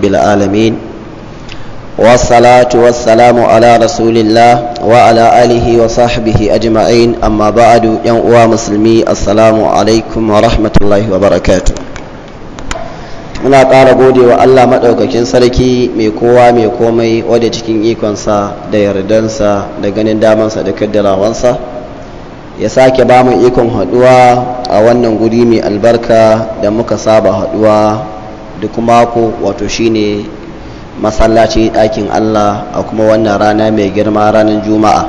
رب العالمين والصلاة والسلام على رسول الله وعلى آله وصحبه أجمعين أما بعد ينقوى مسلمي السلام عليكم ورحمة الله وبركاته muna ƙara gode wa Allah maɗaukakin sarki mai kowa mai komai wadda cikin ikonsa da yardansa da ganin damansa da kaddarawansa ya sake ba mu ikon haɗuwa a wannan guri mai albarka da muka saba haɗuwa duk mako wato shine masallaci ɗakin Allah a kuma wannan rana mai girma ranar juma'a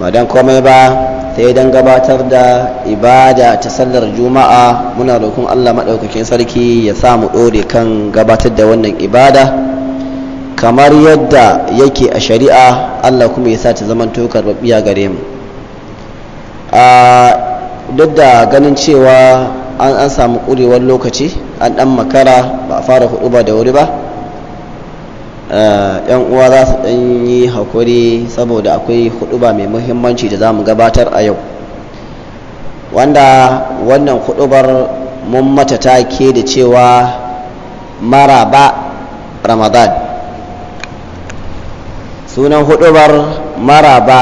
madan komai ba sai don gabatar da ibada ta sallar juma'a muna roƙon Allah maɗaukakin sarki ya sa mu ɗore kan gabatar da wannan ibada kamar yadda yake a shari'a Allah kuma ya sa ta zama tokar babbiya gare mu duk da ganin cewa an samu ƙurewar lokaci an dan makara ba a fara hudu ba da wuri ba eh, yan uwa za su dan yi hakuri saboda akwai hudu ba mai muhimmanci da za mu gabatar a yau wanda wannan hudubar mun mata take da cewa mara ba ramadan sunan mara ba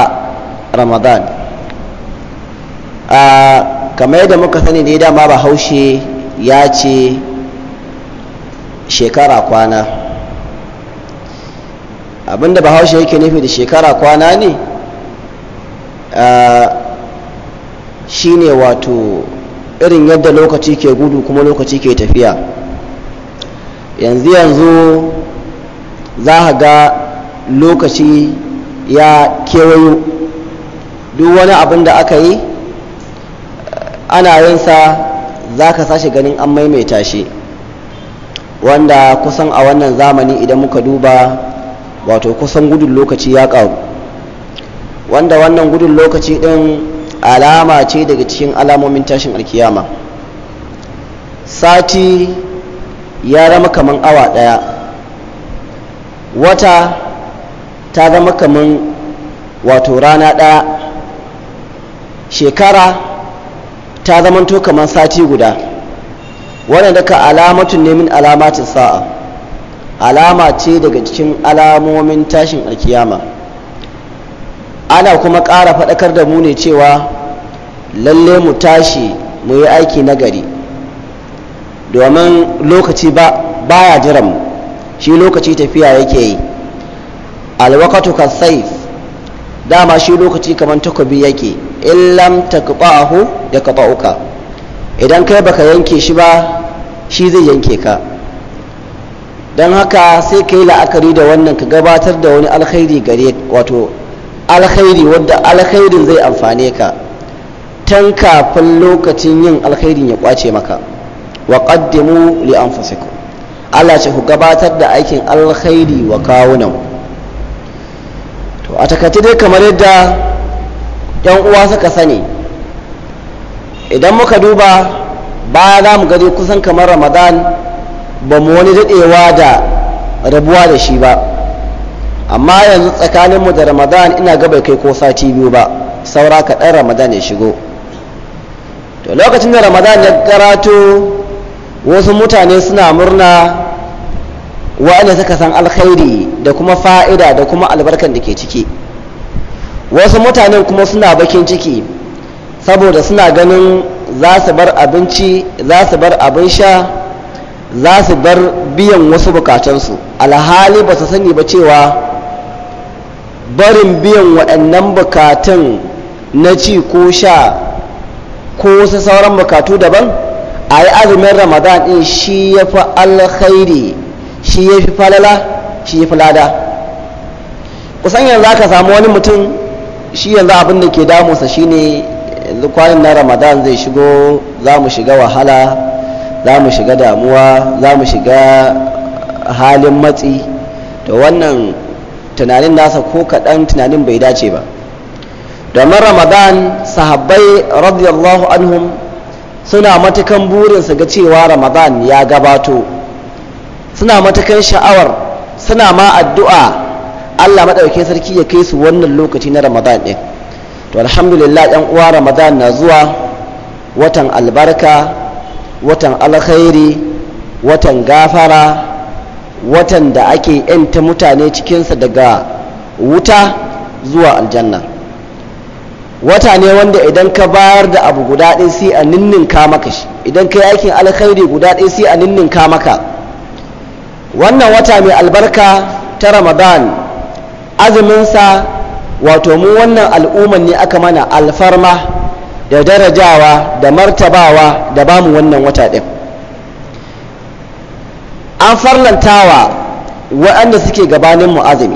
ramadan eh, kamar yadda muka sani da dama ba haushe ya ce shekara kwana abinda bahaushe yake nufi da shekara kwana ne shine wato irin yadda lokaci ke gudu kuma lokaci ke tafiya yanzu yanzu za ga lokaci ya kewayo duk wani abin da aka yi ana yinsa za ka sashe ganin an maimaita shi wanda kusan a wannan zamani idan muka duba wato kusan gudun lokaci ya ƙaru wanda wannan gudun lokaci ɗin alama ce daga cikin alamomin tashin alkiyama sati ya rama kaman awa ɗaya wata ta zama kaman wato rana ɗaya shekara ta zama to kaman sati guda wannan daga alamatun ne min alamatin sa'a alama ce daga cikin alamomin tashin alkiyama ana kuma ƙara faɗakar da mu ne cewa lalle mu tashi mu yi aiki nagari domin lokaci ba ya jiran shi lokaci tafiya yake yi alwakatu kasaif dama shi lokaci kamar takobi yake illam takba'ahu ya kaba'uka idan kai baka yanke shi ba shi zai yanke ka don haka sai ka yi la'akari da wannan ka gabatar da wani alkhairi gare wato alkhairi wadda alkhairin zai amfane ka tan kafin lokacin yin alkhairin ya kwace maka wa qaddimu li anfusikum Allah ce ku gabatar da aikin alkhairi wa kawunan to a takaice dai kamar yadda yan uwa suka sani idan muka duba baya za mu gani kusan kamar ramadan ba mu wani daɗewa da rabuwa da shi ba amma yanzu tsakaninmu da ramadan ina ga bai kai ko sati biyu ba saura kaɗan ramadan ya shigo to lokacin da ramadan ya karatu wasu mutane suna murna wa'anda suka san alkhairi da kuma fa'ida da kuma albarkan da ke ciki wasu mutanen kuma suna bakin ciki saboda suna ganin za su bar abinci za su bar abin sha za su bar biyan wasu bukatunsu alhali ba su sani ba cewa barin biyan waɗannan bukatun na ci ko sha ko wasu sauran bukatu daban a yi azumin ramadan ɗin shi ya fi alkhairi shi ya fi falala shi ya fi lada kusan yanzu aka samu wani mutum shi yanzu abin da ke damunsa shine yanzu kwanan na ramadan zai shigo za mu shiga wahala za mu shiga damuwa za mu shiga halin matsi da wannan tunanin nasa ko kaɗan tunanin bai dace ba domin ramadan sahabbai radiyallahu anhum suna matukan burinsu ga cewa ramadan ya gabato suna matukan sha'awar suna ma addu'a allah maɗauki sarki ya kai su wannan lokaci na ramadan ɗin to alhamdulillah yan uwa ramadan na zuwa watan albarka watan alkhairi watan gafara watan da ake yanta mutane cikinsa daga wuta zuwa aljanna wata ne wanda idan ka bayar da abu guda ɗaya sai a ninninka maka shi idan ka yi aikin alkhairi guda ɗaya sai a ninninka maka wannan wata mai albarka ta ramadan azuminsa wato mu wannan al'umman ne aka mana alfarma da darajawa da martabawa da bamu wannan wata ɗin an farlantawa waɗanda suke gabanin mu azumi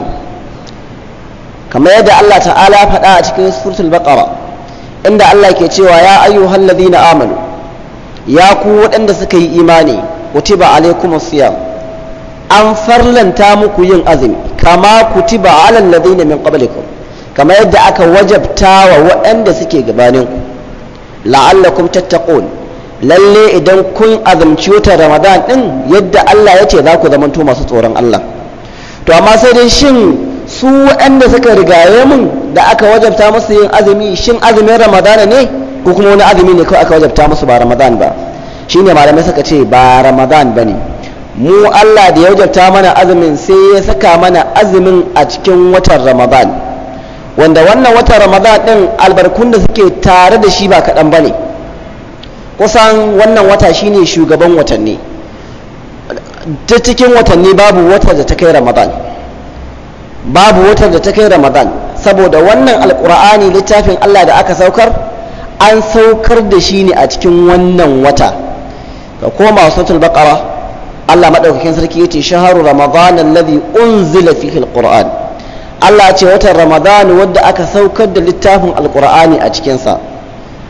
kamar yadda Allah ta'ala faɗa a cikin suratul baqara inda Allah ke cewa ya ayyuhal ladina amanu ya ku waɗanda suka yi imani kutiba alaikumus siyam an farlanta muku yin azumi kama kutiba alal ladina min qablikum kamar yadda aka wajabta wa waɗanda suke gabaninku la'allakum tattaqun lalle idan kun azumci watan ramadan din yadda Allah ya ce za ku zamanto masu tsoron Allah to amma sai dai shin su waɗanda suka rigaye mun da aka wajabta musu yin azumi shin azumin ramadana ne ko kuma wani azumi ne kawai aka wajabta musu ba ramadan ba shine malamai suka ce ba ramadan ba ne mu Allah da ya wajabta mana azumin sai ya saka mana azumin a cikin watan ramadan wanda wannan watan ramadan din albarkun da suke tare da shi ba kaɗan ba ne kusan wannan wata shine shugaban watanni ta cikin watanni babu wata da ta kai ramadan babu wata da ta kai ramadan saboda wannan alkur'ani littafin allah da aka saukar an saukar da shi ne a cikin wannan wata ka koma suratul Baƙara, allah maɗaukakin sarki ce shaharu ramadan alladhi unzila fihi alqur'an Allah ce watan Ramadan wadda aka saukar da littafin alƙur'ani a cikinsa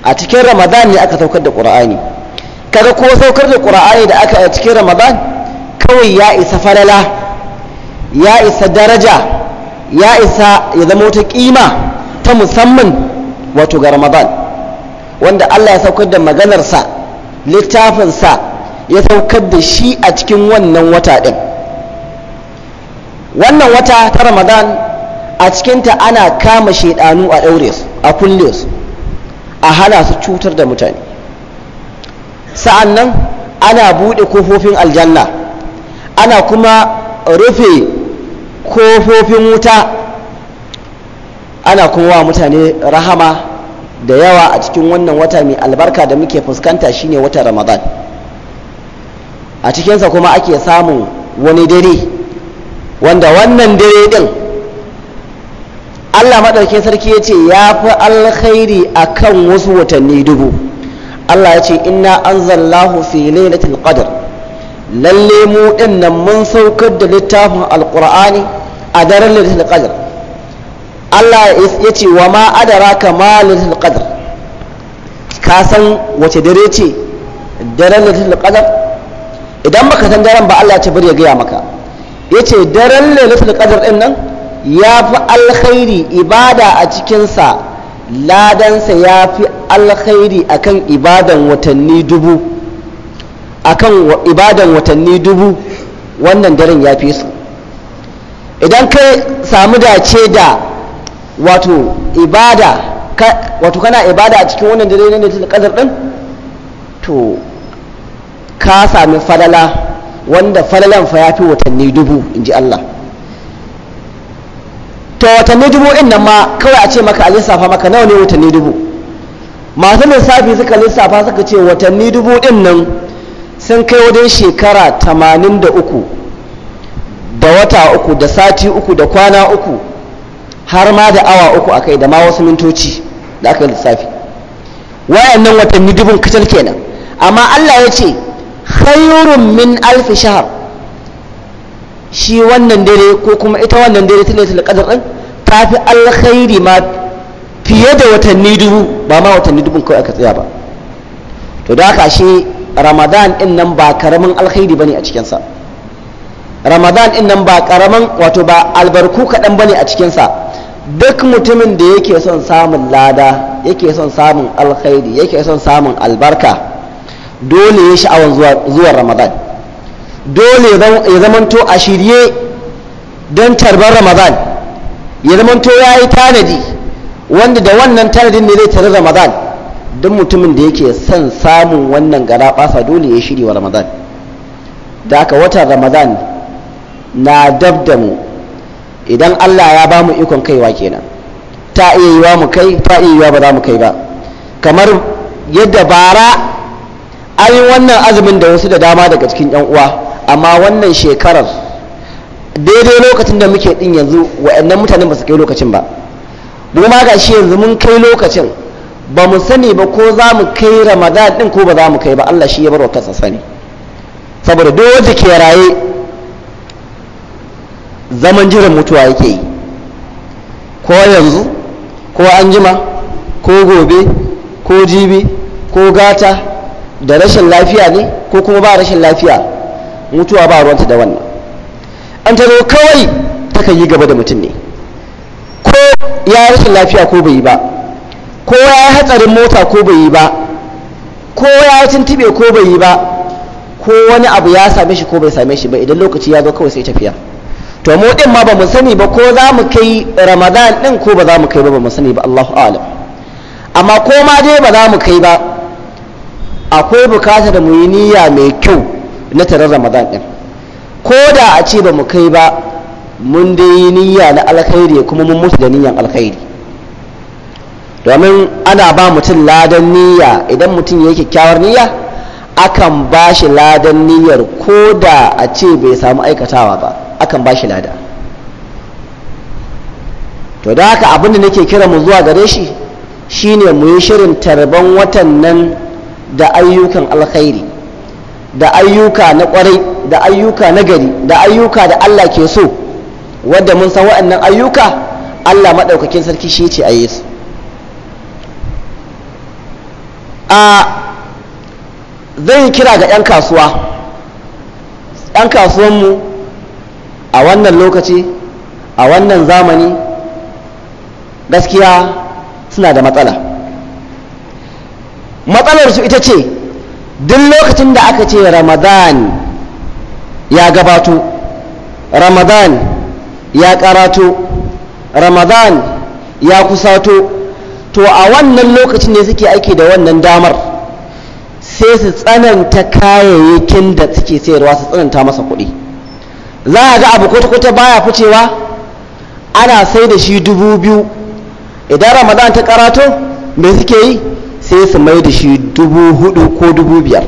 a cikin Ramadan ne aka saukar da Qur'ani kaga kuma saukar da ƙur'ani da aka a cikin Ramadan kawai ya isa falala ya isa daraja ya isa ya zama wata kima ta musamman wato ga Ramadan wanda Allah ya saukar da maganarsa littafinsa ya saukar da shi a cikin wannan wata ɗin wannan wata ta Ramadan a cikinta ana kama shaidanu a ɗaure su a kulle su a hana su cutar da mutane sa'an nan ana buɗe kofofin aljanna ana kuma rufe kofofin wuta ana kuma wa mutane rahama da yawa a cikin wannan wata mai albarka da muke fuskanta shine wata ramadan a cikinsa kuma ake samun wani dare wanda wannan dare din Allah maɗaukin sarki ya ce ya fi alkhairi a kan wasu watanni dubu Allah ya ce inna an zallahu fi lailatul qadr lalle mu din nan mun saukar da littafin alqur'ani a daren lailatul qadr Allah ya ce wa ma adaraka ma lailatul qadr ka san wace dare ce daren lailatul qadr idan baka san daren ba Allah ya ce bari ya gaya maka yace daren lailatul qadr din nan ya fi alkhairi ibada a cikinsa ladansa ya fi alkhairi akan ibadan watanni dubu akan ibadan watanni dubu wannan daren ya fi su idan ka samu dace da wato ibada wato kana ibada a cikin wannan dare ne da kadar din to ka sami falala wanda falalan fa ya fi watanni dubu in ji Allah ta watanni dubu in nan ma kawai a ce maka a lissafa maka nawa ne watanni dubu masu lissafi suka lissafa suka ce watanni dubu in nan sun kai wajen shekara tamanin da uku da wata uku da sati uku da kwana uku har ma da awa uku a kai da ma wasu mintoci da aka lissafi wayannan watanni dubun kacal kenan amma allah ya ce khairun min alfi shahar shi wannan dare ko kuma ita wannan dare ta lailatul qadr ɗin ta fi alkhairi ma fiye da watanni dubu ba ma watanni dubu kawai aka tsaya ba to da haka shi ramadan ɗin nan ba karamin alkhairi ba ne a cikinsa ramadan ɗin nan ba karamin wato ba albarku kaɗan ba ne a cikinsa duk mutumin da yake son samun lada yake son samun alkhairi yake son samun albarka dole ya sha'awan zuwa ramadan dole ya zamanto a shirye don tarbar ramadan ya zamanto ya yi tanadi wanda da wannan tanadin ne zai tare ramadan don mutumin da yake son samun wannan gara basa dole ya shirya wa ramadan da aka watan ramadan na dab idan allah ya ba mu ikon kaiwa kenan ta iya yiwa mu kai ta iya yiwa ba za mu kai ba kamar yadda bara an yi wannan azumin da wasu da dama daga cikin 'yan uwa amma wannan shekarar daidai lokacin da muke din yanzu wa'annan mutane ba su kai lokacin ba domin ma shi yanzu mun kai lokacin ba mu sani ba ko za mu kai ramadan din ko ba za mu kai ba allah shi ya bar wa kansa sani saboda duk wanda ke raye zaman jiran mutuwa yake yi ko yanzu ko anjima ko gobe ko jibi ko gata da rashin lafiya ne ko kuma ba rashin lafiya mutuwa ba ruwanta da wannan an ta zo kawai kan yi gaba da mutum ne ko ya rashin lafiya ko bai yi ba ko ya yi hatsarin mota ko bai yi ba ko ya yi tuntube ko bai yi ba ko wani abu ya same shi ko bai same shi ba idan lokaci ya zo kawai sai tafiya to mu din ma ba mu sani ba ko za mu kai ramadan din ko ba za mu kai ba ba mu sani ba Allahu a'lam amma ko ma dai ba za mu kai ba akwai bukatar mu yi niyya mai kyau na taron ramadan ɗin ko da a ce ba mu kai ba mun dai niyya na alkhairi kuma mun mutu da niyyan alkhairi domin ana ba mutum ladan niyya idan mutum ya yi kyakkyawar niyya akan ba shi ladan niyyar ko da a ce bai samu aikatawa ba akan ba shi lada to da haka abin da nake kira mu zuwa gare shi shine mu yi shirin tarban watan nan da ayyukan alkhairi da ayyuka na kwarai da ayyuka na gari da ayyuka da Allah ke so wadda mun san waɗannan ayyuka Allah maɗaukakin sarki shi ce a Yesu a zan yi kira ga 'yan kasuwa 'yan kasuwanmu a wannan lokaci a wannan zamani gaskiya suna da matsala matsalar su ita ce duk lokacin da aka ce ramadan ya gabato ramadan ya karato ramadan ya kusato to a wannan lokacin ne suke aiki da wannan damar sai su tsananta kayayyakin da suke sayarwa su tsananta masa kuɗi za a ga abu kwata-kwata baya ficewa ana sai da shi dubu biyu idan ramadan ta karato me suke yi sai su mai da shi dubu hudu ko dubu biyar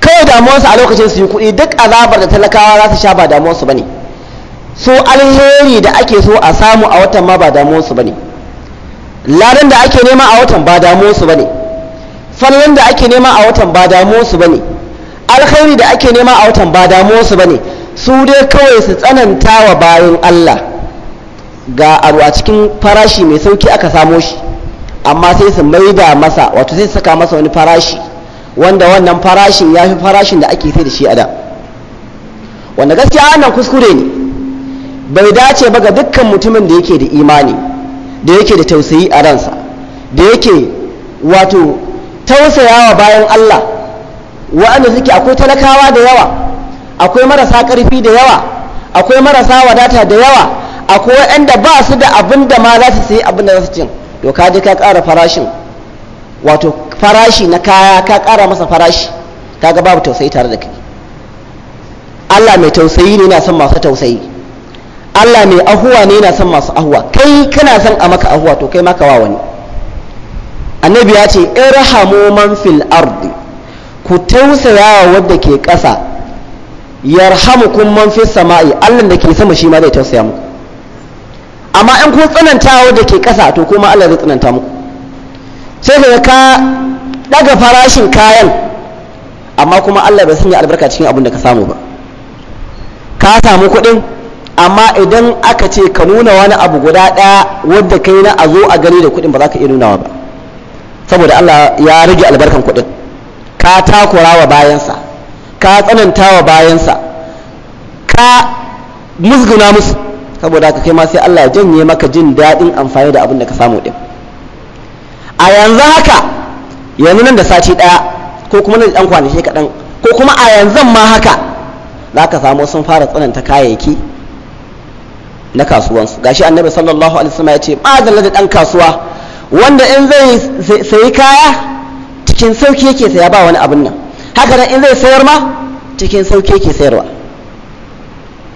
kawai damuwarsu a lokacin su yi kuɗi duk azabar da talakawa za su sha ba damuwarsu ba ne so alheri da ake so a samu a watan ma ba damuwarsu ba ne ladan da ake nema a watan ba damuwarsu ba ne fallon da ake nema a watan ba damuwarsu ba ne alheri da ake nema a watan ba damuwarsu ba ne su dai kawai su tsananta wa bayan allah ga abu a cikin farashi mai sauki aka samo shi amma sai su da masa wato sai saka masa wani farashi wanda wannan farashin ya fi farashin da ake sai da shi a da wanda gaskiya wannan kuskure ne bai dace ba ga dukkan mutumin da yake da imani da yake da tausayi a ransa da yake wato tausayawa bayan Allah wa'anda suke akwai talakawa da yawa akwai marasa ƙarfi da yawa akwai marasa wadata da yawa akwai waɗanda ba su da abin da ma za su sayi abin da za su cin to ka je ka ƙara farashin wato farashi na kaya ka ƙara masa farashi ka ga babu tausayi tare da kai Allah mai tausayi ne yana son masu tausayi Allah mai ahuwa ne yana son masu ahuwa kai kana son a maka ahuwa to kai maka wa wani annabi ya ce irhamu man fil ardi ku tausaya wadda ke ƙasa yarhamukum man fis sama'i Allah da ke sama shi ma zai tausaya muku amma in kun tsanantawa da ke kasa to kuma Allah zai tsananta muku sai ka ka daga farashin kayan amma kuma Allah bai sanya albarka cikin abin da ka samu ba ka samu kuɗin amma idan aka ce ka nuna wani abu guda ɗaya wadda kai na a zo a gani da kuɗin ba za ka iya nunawa ba saboda Allah ya rage albarkan kuɗin ka takura wa bayansa ka tsananta wa bayansa ka musguna musu saboda haka kai ma sai Allah ya janye maka jin daɗin amfani da abin da ka samu ɗin. a yanzu haka yanzu nan da sati ɗaya ko kuma nan da ɗan kwanaki kaɗan ko kuma a yanzu ma haka za ka samu sun fara tsananta kayayyaki na kasuwansu gashi annabi sallallahu alaihi wasallam ya ce madalla da ɗan kasuwa wanda in zai sayi kaya cikin sauki yake saya ba wani abin nan haka nan in zai sayar ma cikin sauki yake sayarwa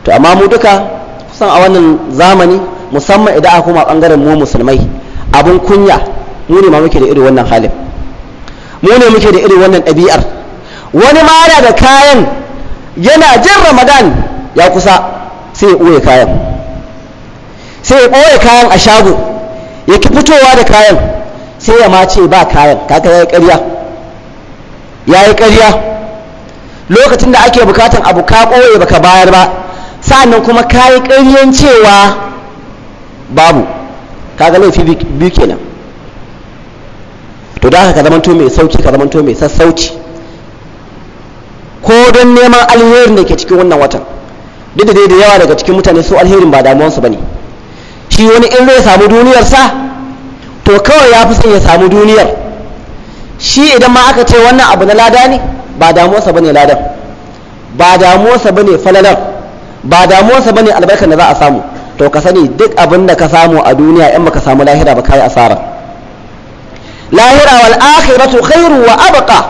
to amma mu duka kusan a wannan zamani musamman idan aka koma bangaren mu musulmai abun kunya mu ne ma muke da irin wannan halin mu ne muke da irin wannan ɗabi'ar wani ma yana da kayan yana jin ramadan ya kusa sai ya ɓoye kayan sai ya ɓoye kayan a shago ya ki fitowa da kayan sai ya ma ce ba kayan kaka ya yi ƙarya ya yi ƙarya lokacin da ake bukatan abu ka ɓoye baka bayar ba sa'annan kuma kayi ƙaryen cewa babu kaga laifi biyu kenan to da haka ka zamanto mai sauki ka zamanto mai sassauci ko don neman alherin da ke cikin wannan watan duk da dai da yawa daga cikin mutane su alherin ba damuwansu ba ne shi wani in zai samu duniyarsa to kawai ya fi son ya samu duniyar shi idan ma aka ce wannan abu na lada ne ba damuwarsa ba ne ladan ba damuwarsa ba ne falalar ba damuwarsa ne albarkar da za a samu to ka sani duk abin da ka samu a duniya in baka samu lahira ba kai asara lahira wal akhiratu khairu wa abqa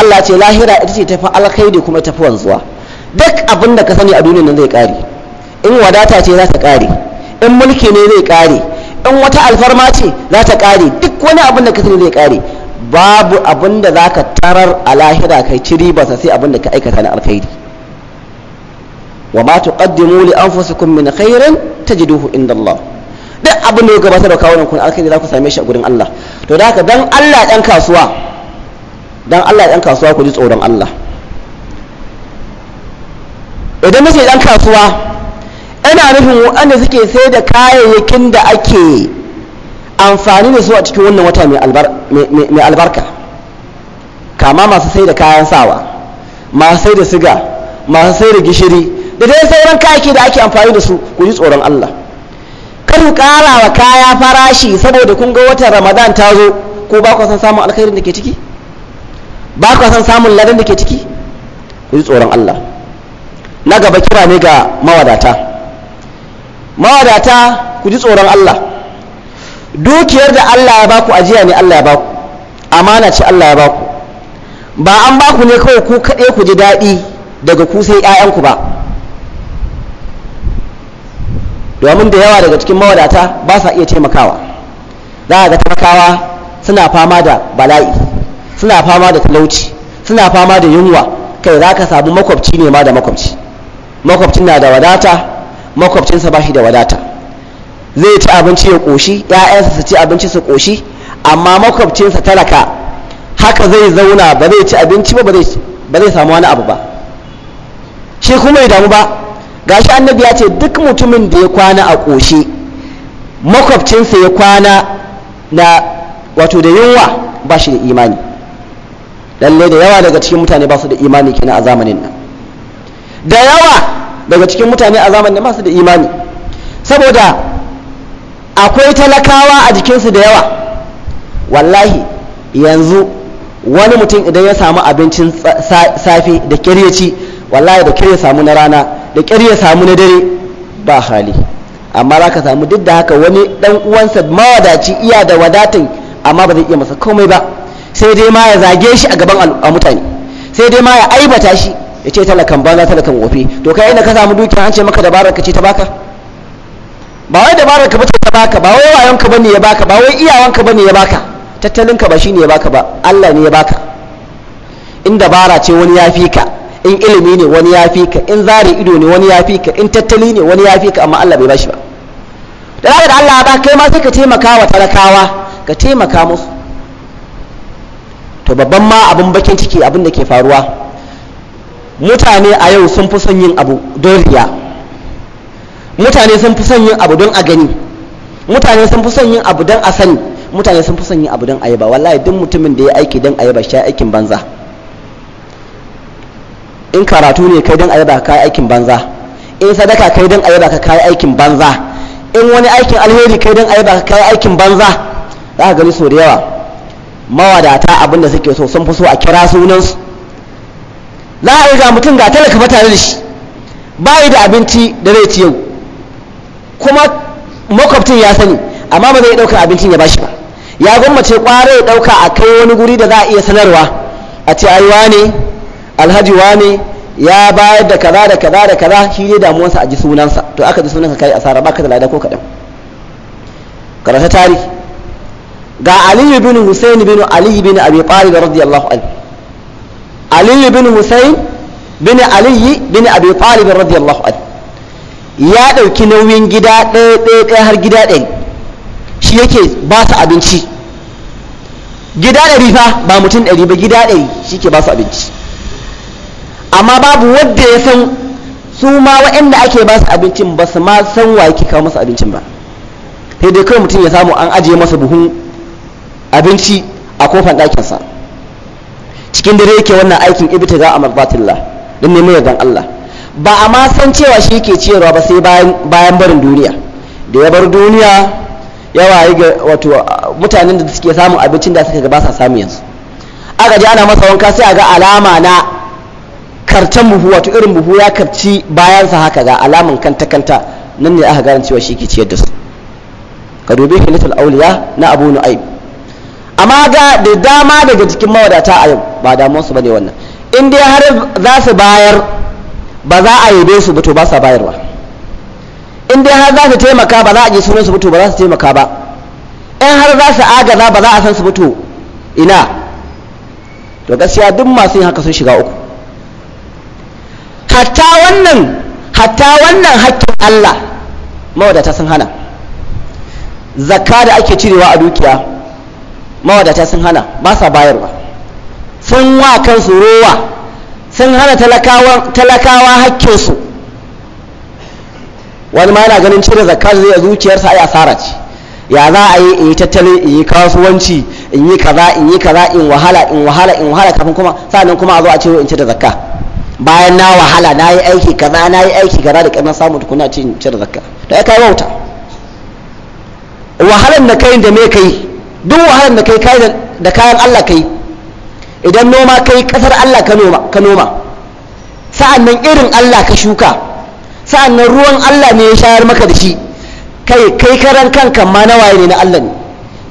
Allah ce lahira ita ce tafi alkhairi kuma tafi wanzuwa duk abin da ka sani a duniya nan zai kare in wadata ce za ta kare in mulki ne zai kare in wata alfarma ce za ta kare duk wani abin da ka sani zai kare babu abin da za ka tarar a lahira kai ci ribarsa sai abin da ka aikata na alkhairi وما تقدموا لأنفسكم من خير تجدوه عند الله duk abin da ya gabatar da kawo kun alkhairi za ku same shi a gurin Allah to da haka dan Allah dan kasuwa dan Allah dan kasuwa ku ji tsoron Allah idan mace dan kasuwa ina nufin wanda suke sai da kayayyakin da ake amfani da su a cikin wannan wata mai albarka kama masu sai da kayan sawa masu sai da siga masu sai da gishiri da dai sauran kayaki da ake amfani da su ku ji tsoron Allah kar ku wa kaya farashi saboda kun ga watan Ramadan ta zo ko ba ku san samun alkhairin da ke ciki ba ku san samun ladan da ke ciki ku ji tsoron Allah na gaba kira ne ga mawadata mawadata ku ji tsoron Allah dukiyar da Allah ya baku ajiya ne Allah ya baku amana ce Allah ya baku ba an baku ne kawai ku kaɗai ku ji daɗi daga ku sai 'ya'yanku ba domin da yawa daga cikin mawadata ba sa iya taimakawa za a ga talakawa suna fama da bala'i suna fama da talauci suna fama da yunwa kai za ka sabu makwabci ne ma da makwabci makwabcin na da wadata makwabcinsa ba shi da wadata zai ci abinci ya ƙoshi ‘ya'yansa su ci abinci su ƙoshi amma makwabcinsa talaka haka zai zauna ba zai ci abinci ba ba zai samu wani abu ba shi kuma ya damu ba gashi annabi ya ce duk mutumin da ya kwana a ƙoshe makwabcinsa ya kwana na wato da yunwa ba shi da imani lalle da yawa daga cikin mutane ba su da imani kina a zamanin nan da yawa daga cikin mutane a zamanin ba su da imani saboda akwai talakawa a jikinsu da yawa wallahi yanzu wani mutum idan ya samu abincin safe da kiryaci wallahi da kirya samu na rana da ƙyar ya samu na dare ba hali amma za ka samu duk da haka wani ɗan uwansa mawadaci iya da wadatin amma ba zai iya masa komai ba sai dai ma ya zage shi a gaban mutane sai dai ma ya aibata shi ya ce talakan banza talakan wofi to kai inda ka samu dukiya an ce maka dabarar ka ce ta baka ba wai dabarar ka bace ta baka ba wai wayon ka bane ya baka ba wai iyawan ka bane ya baka tattalin ka ba shine ya baka ba Allah ne ya baka in dabara ce wani ya fi ka in ilimi ne wani ya fi ka in zare ido ne wani ya fi ka in tattali ne wani ya fi ka amma Allah bai bashi ba da haka da Allah ba kai ma sai ka taimaka wa talakawa ka taimaka musu to babban ma abun bakin ciki abin da ke faruwa mutane a yau sun fi son yin abu don riya mutane sun fi son yin abu don a gani mutane sun fi son yin abu don a sani mutane sun fi son yin abu don ayaba wallahi duk mutumin da ya aiki don ayaba shi aikin banza in karatu ne kai don a yaba kai aikin banza in sadaka kai don a yaba ka kai aikin banza in wani aikin alheri kai don a yaba ka kai aikin banza za ka gani sau da yawa mawadata abin da suke so sun fi so a kira sunansu za a yi ga mutum ga talaka ba tare da shi bayi da abinci da zai ci yau kuma makwabcin ya sani amma ba zai ɗaukar abincin ya bashi ba ya gwammace ƙware ya ɗauka a kai wani guri da za a iya sanarwa a ce ayuwa ne alhaji Wani ya bayar da kaza da kaza da kaza shi ne damuwarsa a ji sunansa to aka ji sunansa kai asara baka da lada ko kadan karanta tarihi ga aliyu bin husain bin aliyu bin abi talib radiyallahu anhu aliyu bin husain bin aliyu bin abi talib radiyallahu anhu ya ɗauki nauyin gida ɗaya ɗaya ɗaya har gida ɗaya shi yake ba su abinci gida ɗari fa ba mutum ɗari ba gida ɗari shi ke ba su abinci amma babu wadda ya san su ma waɗanda ake ba su abincin ba su ma san wa yake kawo masu abincin ba sai dai kawai mutum ya samu an ajiye masa buhun abinci a kofar ɗakinsa cikin dare yake wannan aikin za a marbatillah don neman yardan Allah ba a ma san cewa shi ke ciyarwa ba sai bayan barin duniya da ya bar duniya yawa yi ga wato mutanen da suke samun abincin da suka ga ba sa samu yanzu aka ji ana masa wanka sai a ga alama na karcen buhu wato irin buhu ya karci bayansa haka ga alaman kanta kanta nan ne aka gane cewa shi ke ciyar da su ka dubi hilatul auliya na abu nu'aib amma ga da dama daga cikin mawadata a yau ba damuwarsu ba ne wannan in dai har za su bayar ba za a yabe su ba to ba sa bayarwa in dai har za su taimaka ba za a ji su ba to ba za su taimaka ba in har za su agaza ba za a san su ba to ina to gaskiya duk masu yin haka sun shiga uku hatta wannan hatta wannan hakkin Allah mawadata sun hana zakka da ake cirewa a dukiya mawadata sun hana ba sa bayarwa sun wa kansu rowa sun hana talakawa hakkinsu wani ma yana ganin cire zakka zai a zuciyarsa ai asara ce ya za a yi in yi tattalin in yi kasuwanci in yi kaza in yi kaza in wahala in wahala in wahala kafin kuma sa'annan kuma a zo a cire in cire zakka bayan na wahala na yi aiki kaza na yi aiki kaza da kaina samu tukuna cin cire zakka to ya kai wauta wahalan da kai da me kai duk wahalan da kai kai da kayan Allah kai idan noma kai kasar Allah ka noma ka noma sa'annan irin Allah ka shuka sa'annan ruwan Allah ne ya shayar maka da shi kai kai karan kanka ma na waye ne na Allah ne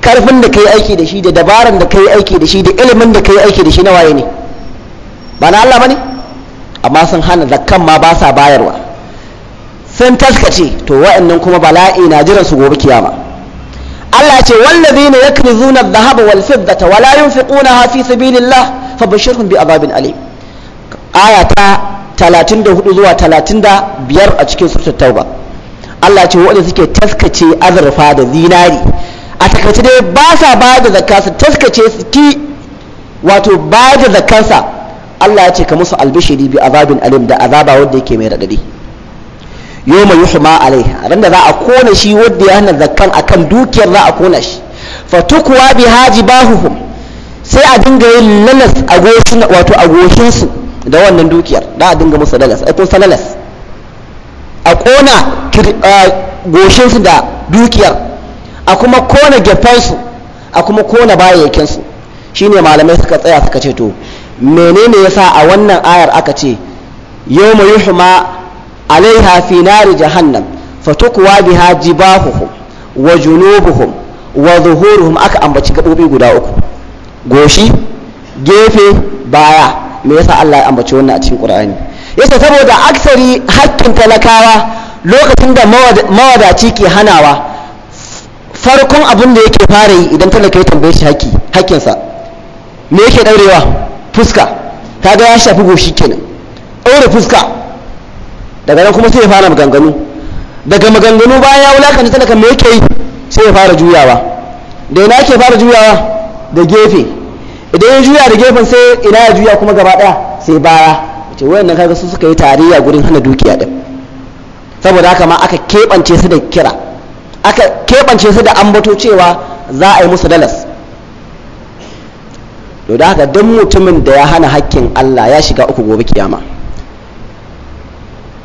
karfin da kai aiki da shi da dabaran da kai aiki da shi da ilimin da kai aiki da shi na waye ne ba na Allah ba ne amma sun hana zakkan ma ba sa bayarwa sun taskace to wa'annan kuma bala'i na jiran su gobe kiyama Allah ce wallazina yakrizuna adh-dhahaba wal fiddata wa la yunfiqunaha fi sabilillah fabashirhum bi azabin alim aya ta 34 zuwa 35 a cikin suratul tauba Allah ce wanda suke taskace azurfa da zinari a takaice dai ba sa ba da zakka su taskace su ki wato ba da zakkansa Allah ya ce ka musu albishiri bi azabin alim da azaba wanda yake mai radadi yoma yuhma alai ran da za a kona shi wanda ya hana zakkan akan dukiyar za a kona shi fatukwa bi hajibahum sai a dinga yin lalas a goshin wato a goshin su da wannan dukiyar da a dinga musu lalas ai kun san lalas a kona goshin su da dukiyar a kuma kona gefan su a kuma kona bayyakin su shine malamai suka tsaya suka ce to menene yasa a wannan ayar aka ce yawma yuhma alaiha fi nari jahannam fatukwa biha jibahuhum wa junubuhum wa zuhuruhum aka ambaci gabobi guda uku goshi gefe baya me yasa Allah ya ambaci wannan a cikin Qur'ani yasa saboda aksari hakkin talakawa lokacin da mawadaci ke hanawa farkon abin da yake fara yi idan talaka ya tambaye shi haƙƙinsa hakkinsa me yake daurewa fuska ta ga ya shafi goshi kenan ɗaure fuska daga nan kuma sai ya fara maganganu daga maganganu bayan ya wulakanta talaka me yake yi sai ya fara juyawa da ina ke fara juyawa da gefe idan ya juya da gefen sai ina ya juya kuma gaba daya sai baya ce nan kaga su suka yi tarayya gurin hana dukiya din saboda haka ma aka keɓance su da kira aka keɓance su da ambato cewa za a yi musu dalas to da haka duk mutumin da ya hana hakkin Allah ya shiga uku gobe kiyama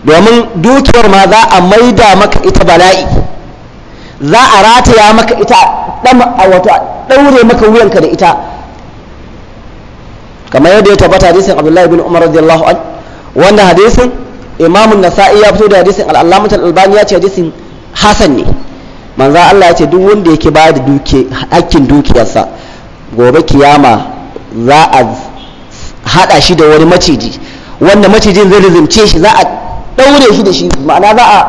domin dukiyar ma za a maida maka ita bala'i za a rataya maka ita a wato ɗaure maka wuyanka da ita kamar yadda ya tabbata hadisin abdullahi bin umar radiyallahu an wannan hadisin imamun nasa'i ya fito da hadisin al'allamatul albani ya ce hadisin hasan ne manzo Allah ya ce duk wanda yake bayar da hakkin dukiyarsa gobe kiyama za a haɗa shi da wani maciji wanda macijin zai rizimce shi za a ɗaure shi da shi ma'ana za a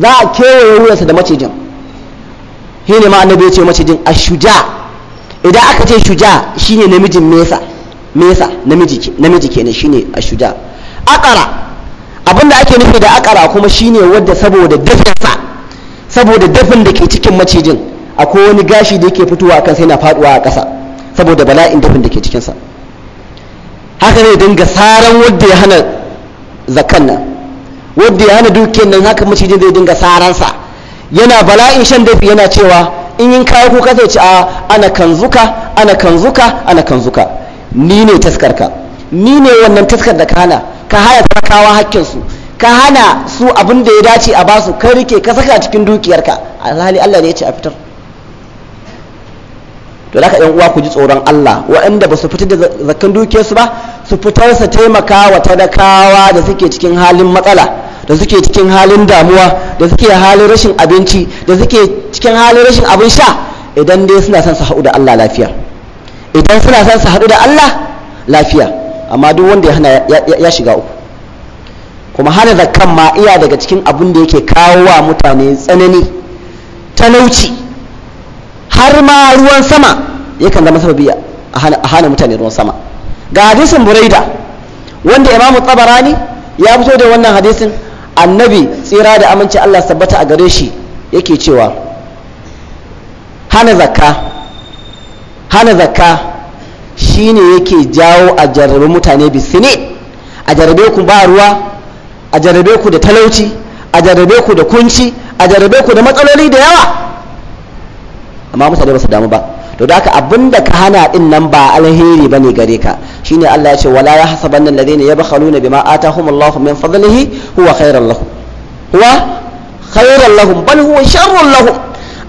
za a kewaye wuyansa da macijin shi ne ma'ana bai ya ce macijin a shuja idan aka ce shuja shine namijin mesa mesa namiji kenan shi ne a shuja akara abinda ake nufi da akara kuma shi ne wadda saboda dafinsa saboda dafin da ke cikin macijin akwai wani gashi da yake fitowa akan sai na faduwa a ƙasa saboda bala'in dafin da ke cikinsa haka zai dinga saran wadda ya hana zakan nan wadda ya hana dukiyar nan haka macijin zai dinga saransa yana bala'in shan dafi yana cewa in yin kawo kuka zai ci a ana kan zuka ana kan zuka ana kan zuka ni ne taskarka ni ne wannan taskar da ka hana ka haya talakawa hakkinsu ka hana su abin da ya dace a basu kai rike ka saka cikin dukiyarka alhali Allah ne ya ce a fitar to da yan uwa ku ji tsoron Allah waɗanda ba su fitar da zakkan dukiyarsu ba su fitar su taimaka wa talakawa da suke cikin halin matsala da suke cikin halin damuwa da suke halin rashin abinci da suke cikin halin rashin abin sha idan dai suna son su haɗu da Allah lafiya idan suna son su haɗu da Allah lafiya amma duk wanda ya hana ya shiga uku kuma hana zakkan ma iya daga cikin abin da yake kawo wa mutane tsanani talauci har ma ruwan sama yakan zama sababi a hana mutane ruwan sama ga hadisin buraida wanda imamu tsabarani ya fito da wannan hadisin annabi tsira da aminci allah sabbata a gare shi yake cewa hana zakka hana zakka shine yake jawo a jarrabe mutane bisine a jarrabe ku ba ruwa a jarrabe ku da talauci a jarrabe ku da kunci a jarrabe ku da matsaloli da yawa amma mutane ba su damu ba to da haka abinda ka hana din nan ba alheri bane gare ka shine Allah ya ce wala ya hasabanna alladhina yabkhaluna bima atahum Allahu min fadlihi huwa khairan lahum huwa khairan lahum bal huwa sharrun lahum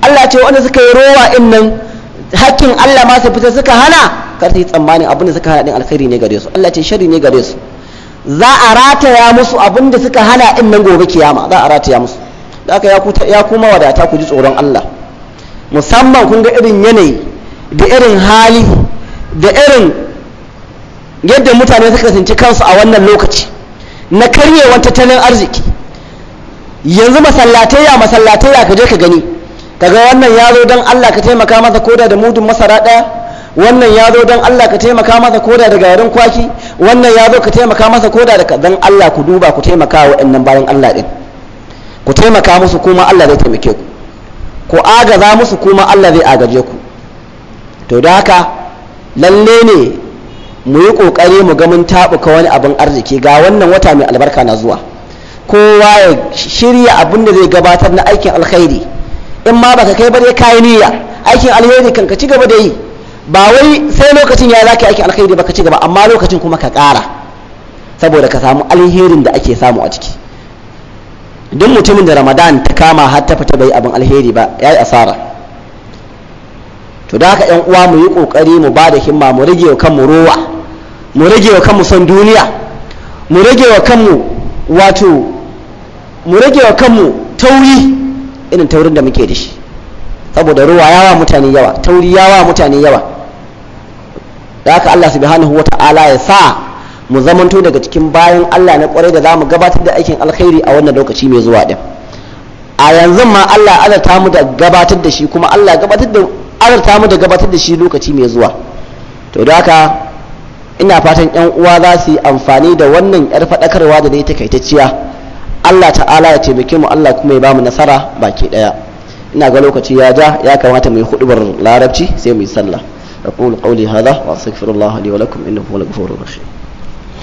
Allah ce wanda suka yi rowa din nan hakkin Allah ma su fita suka hana kar su yi tsammanin abinda suka hana din alkhairi ne gare su Allah ce sharri ne gare su za a rataya musu abinda suka hana din nan gobe kiyama za a rataya musu da aka ya kuma wadata ku ji tsoron Allah musamman kun ga irin yanayi da irin hali da irin yadda mutane suka tsinci kansu a wannan lokaci na karyewar tattalin arziki yanzu masallataiya masallataiya ka je ka gani kaga wannan ya zo don allah ka taimaka masa koda da mudun masara daya wannan ya zo don allah ka taimaka masa koda da garin kwaki wannan ya zo ka taimaka masa koda da don allah ku duba ku taimaka wa bayan allah ɗin ku taimaka musu kuma allah zai taimake ku ku agaza musu kuma Allah zai agaje ku to da haka lalle ne mu yi kokari mu ga mun tabuka wani abin arziki ga wannan wata mai albarka na zuwa kowa ya shirya abin da zai gabatar na aikin alkhairi in ma baka kai ba dai kayi niyya aikin alkhairi kan ka ci gaba da yi ba wai sai lokacin ya zaka aikin alkhairi ba ci gaba amma lokacin kuma ka ƙara saboda ka samu alherin da ake samu a ciki duk mutumin da ramadan ta kama har ta fita bai abin alheri ba ya yi asara to da haka 'yan uwa mu yi ƙoƙari mu ba da himma mu rage wa kanmu rowa mu rage wa kanmu son duniya mu rage wa kanmu wato mu rage wa kanmu tauri irin taurin da muke da shi saboda ruwa yawa mutane yawa tauri yawa mutane yawa da haka allah subhanahu wa ta'ala ya sa mu zamanto daga cikin bayan Allah na kwarai da za mu gabatar da aikin alkhairi a wannan lokaci mai zuwa din a yanzu ma Allah azarta mu da gabatar da shi kuma Allah azarta mu da gabatar da shi lokaci mai zuwa to da haka ina fatan yan uwa za su yi amfani da wannan yar fadakarwa da dai takaitacciya Allah ta'ala ya taimake mu Allah kuma ya bamu nasara baki daya ina ga lokaci ya ja ya kamata mu yi hudubar larabci sai mu yi sallah aqulu qawli hadha wa astaghfirullah li wa lakum innahu huwal ghafurur rahim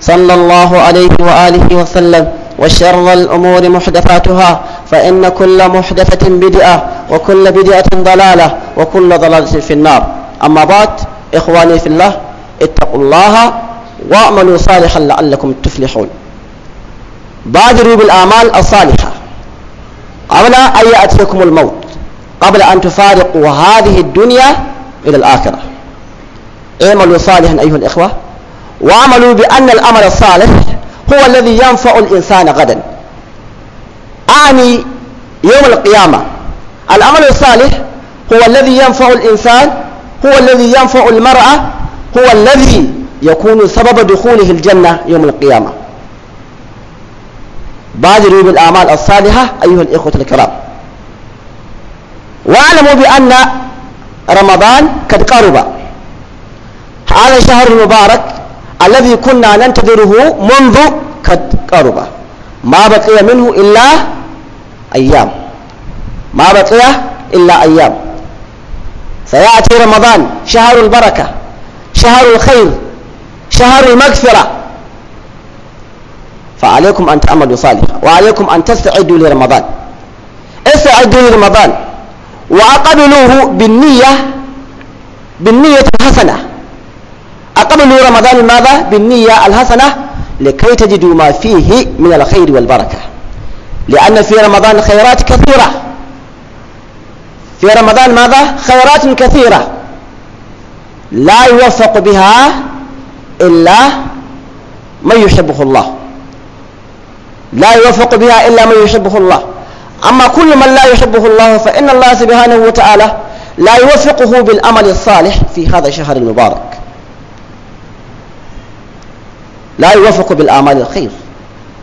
صلى الله عليه وآله وسلم وشر الأمور محدثاتها فإن كل محدثة بدعة وكل بدعة ضلالة وكل ضلالة في النار أما بعد إخواني في الله اتقوا الله واعملوا صالحا لعلكم تفلحون بادروا بالأعمال الصالحة قبل أن يأتيكم الموت قبل أن تفارقوا هذه الدنيا إلى الآخرة اعملوا صالحا أيها الإخوة وعملوا بأن الأمر الصالح هو الذي ينفع الإنسان غدا أعني يوم القيامة الأمر الصالح هو الذي ينفع الإنسان هو الذي ينفع المرأة هو الذي يكون سبب دخوله الجنة يوم القيامة بادروا بالأعمال الصالحة أيها الإخوة الكرام واعلموا بأن رمضان قد قرب هذا الشهر المبارك الذي كنا ننتظره منذ قد قرب ما بقي منه إلا أيام ما بقي إلا أيام سياتي رمضان شهر البركة شهر الخير شهر المغفرة فعليكم أن تعملوا صالحا وعليكم أن تستعدوا لرمضان استعدوا لرمضان وأقبلوه بالنية بالنية الحسنة أقبلوا رمضان ماذا بالنية الحسنة لكي تجدوا ما فيه من الخير والبركة لأن في رمضان خيرات كثيرة في رمضان ماذا خيرات كثيرة لا يوفق بها إلا من يحبه الله لا يوفق بها إلا من يحبه الله أما كل من لا يحبه الله فإن الله سبحانه وتعالى لا يوفقه بالأمل الصالح في هذا الشهر المبارك لا يوفق بالآمال الخير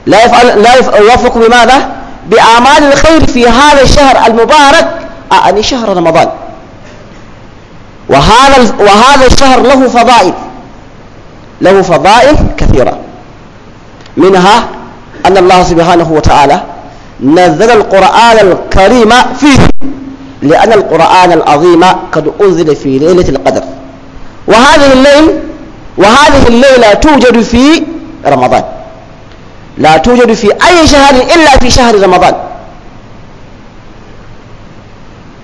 لا يفعل لا يوفق بماذا؟ بأعمال الخير في هذا الشهر المبارك أعني آه، شهر رمضان وهذا وهذا الشهر له فضائل له فضائل كثيرة منها أن الله سبحانه وتعالى نزل القرآن الكريم فيه لأن القرآن العظيم قد أنزل في ليلة القدر وهذه الليل وهذه الليلة توجد في رمضان لا توجد في أي شهر إلا في شهر رمضان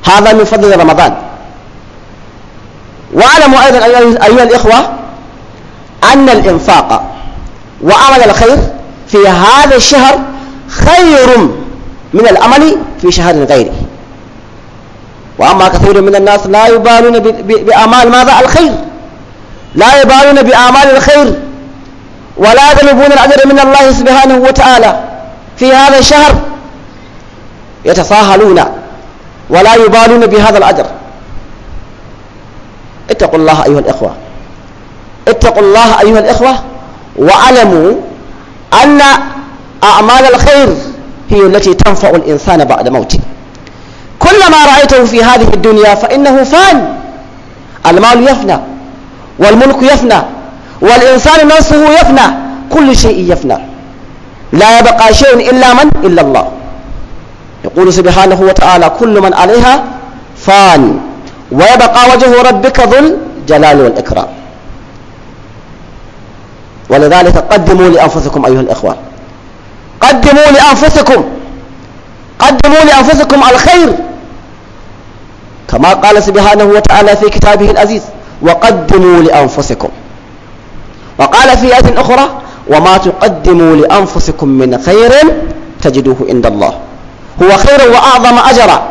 هذا من فضل رمضان واعلموا أيضا أيها الإخوة أن الإنفاق وعمل الخير في هذا الشهر خير من العمل في شهر غيره وأما كثير من الناس لا يبالون بأعمال ماذا الخير لا يبالون بأعمال الخير ولا يطلبون العذر من الله سبحانه وتعالى في هذا الشهر يتساهلون ولا يبالون بهذا الأجر اتقوا الله أيها الإخوة اتقوا الله أيها الإخوة واعلموا أن أعمال الخير هي التي تنفع الإنسان بعد موته كل ما رأيته في هذه الدنيا فإنه فان المال يفنى والملك يفنى والإنسان نفسه يفنى كل شيء يفنى لا يبقى شيء إلا من إلا الله يقول سبحانه وتعالى كل من عليها فان ويبقى وجه ربك ذو الجلال والإكرام ولذلك قدموا لأنفسكم أيها الإخوة قدموا لأنفسكم قدموا لأنفسكم الخير كما قال سبحانه وتعالى في كتابه العزيز وقدموا لأنفسكم وقال في آية أخرى وما تقدموا لأنفسكم من خير تجدوه عند الله هو خير وأعظم أجرا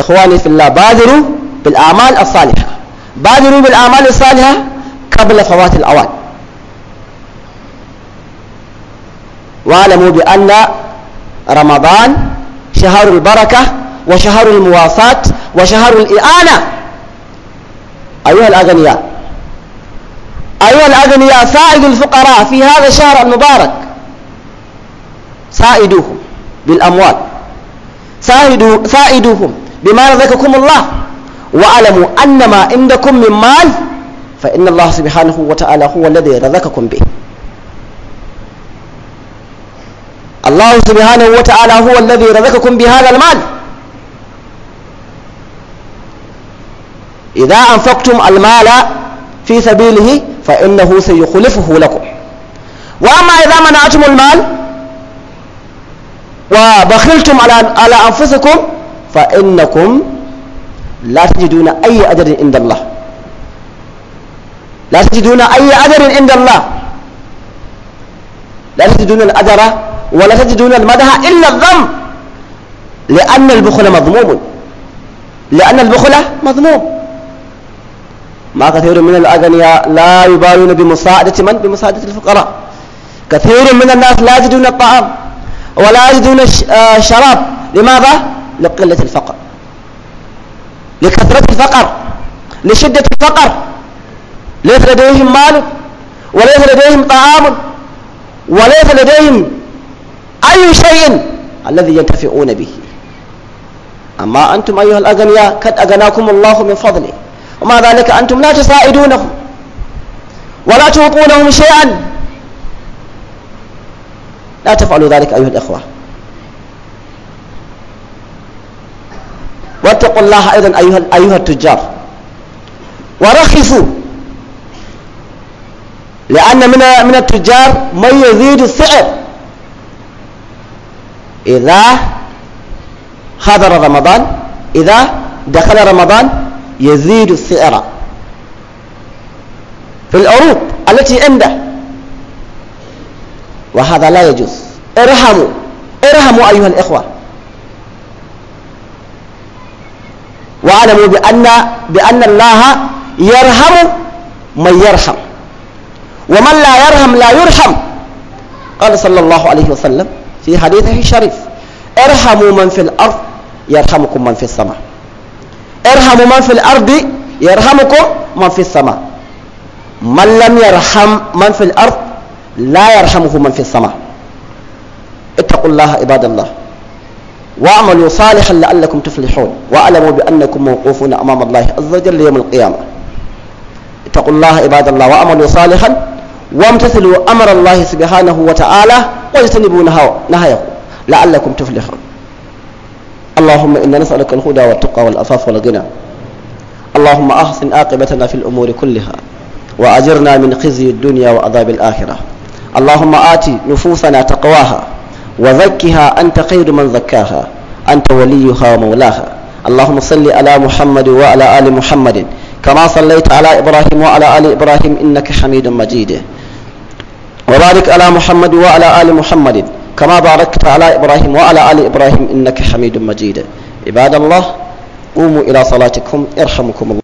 إخواني في الله بادروا بالأعمال الصالحة بادروا بالأعمال الصالحة قبل فوات الأوان واعلموا بأن رمضان شهر البركة وشهر الموافاة وشهر الإعانة أيها الأغنياء أيها الأغنياء سائد الفقراء في هذا الشهر المبارك ساعدوهم بالأموال سائدو ساعدوهم بما رزقكم الله واعلموا أن ما عندكم من مال فإن الله سبحانه وتعالى هو الذي رزقكم به الله سبحانه وتعالى هو الذي رزقكم بهذا المال إذا أنفقتم المال في سبيله فإنه سيخلفه لكم وأما إذا منعتم المال وبخلتم على على أنفسكم فإنكم لا تجدون أي أجر عند الله لا تجدون أي أجر عند الله لا تجدون الأجر ولا تجدون المدح إلا الذم لأن البخل مذموم لأن البخل مذموم ما كثير من الأغنياء لا يبالون بمساعدة من بمساعدة الفقراء كثير من الناس لا يجدون الطعام ولا يجدون آه، الشراب لماذا؟ لقلة الفقر لكثرة الفقر لشدة الفقر ليس لديهم مال وليس لديهم طعام وليس لديهم أي شيء الذي ينتفعون به أما أنتم أيها الأغنياء قد أغناكم الله من فضله وما ذلك أنتم لا تساعدونهم ولا تعطونهم شيئا لا تفعلوا ذلك أيها الإخوة واتقوا الله أيضا أيها, أيها التجار ورخصوا لأن من من التجار من يزيد السعر إذا حضر رمضان إذا دخل رمضان يزيد الثئر في العروق التي عنده وهذا لا يجوز ارحموا ارحموا أيها الإخوة واعلموا بأن, بأن الله يرحم من يرحم ومن لا يرحم لا يرحم قال صلى الله عليه وسلم في حديثه الشريف ارحموا من في الأرض يرحمكم من في السماء ارحموا من في الأرض يرحمكم من في السماء من لم يرحم من في الأرض لا يرحمه من في السماء اتقوا الله عباد الله واعملوا صالحا لعلكم تفلحون واعلموا بأنكم موقوفون أمام الله عز وجل يوم القيامة اتقوا الله عباد الله واعملوا صالحا وامتثلوا أمر الله سبحانه وتعالى واجتنبوا نهايه لعلكم تفلحون اللهم إنا نسألك الهدى والتقى والأفاف والغنى اللهم أحسن عاقبتنا في الأمور كلها وأجرنا من خزي الدنيا وعذاب الآخرة اللهم آت نفوسنا تقواها وزكها أنت خير من زكاها أنت وليها ومولاها اللهم صل على محمد وعلى آل محمد كما صليت على إبراهيم وعلى آل إبراهيم إنك حميد مجيد وبارك على محمد وعلى آل محمد كما باركت على إبراهيم وعلى آل إبراهيم إنك حميد مجيد عباد الله قوموا إلى صلاتكم يرحمكم الله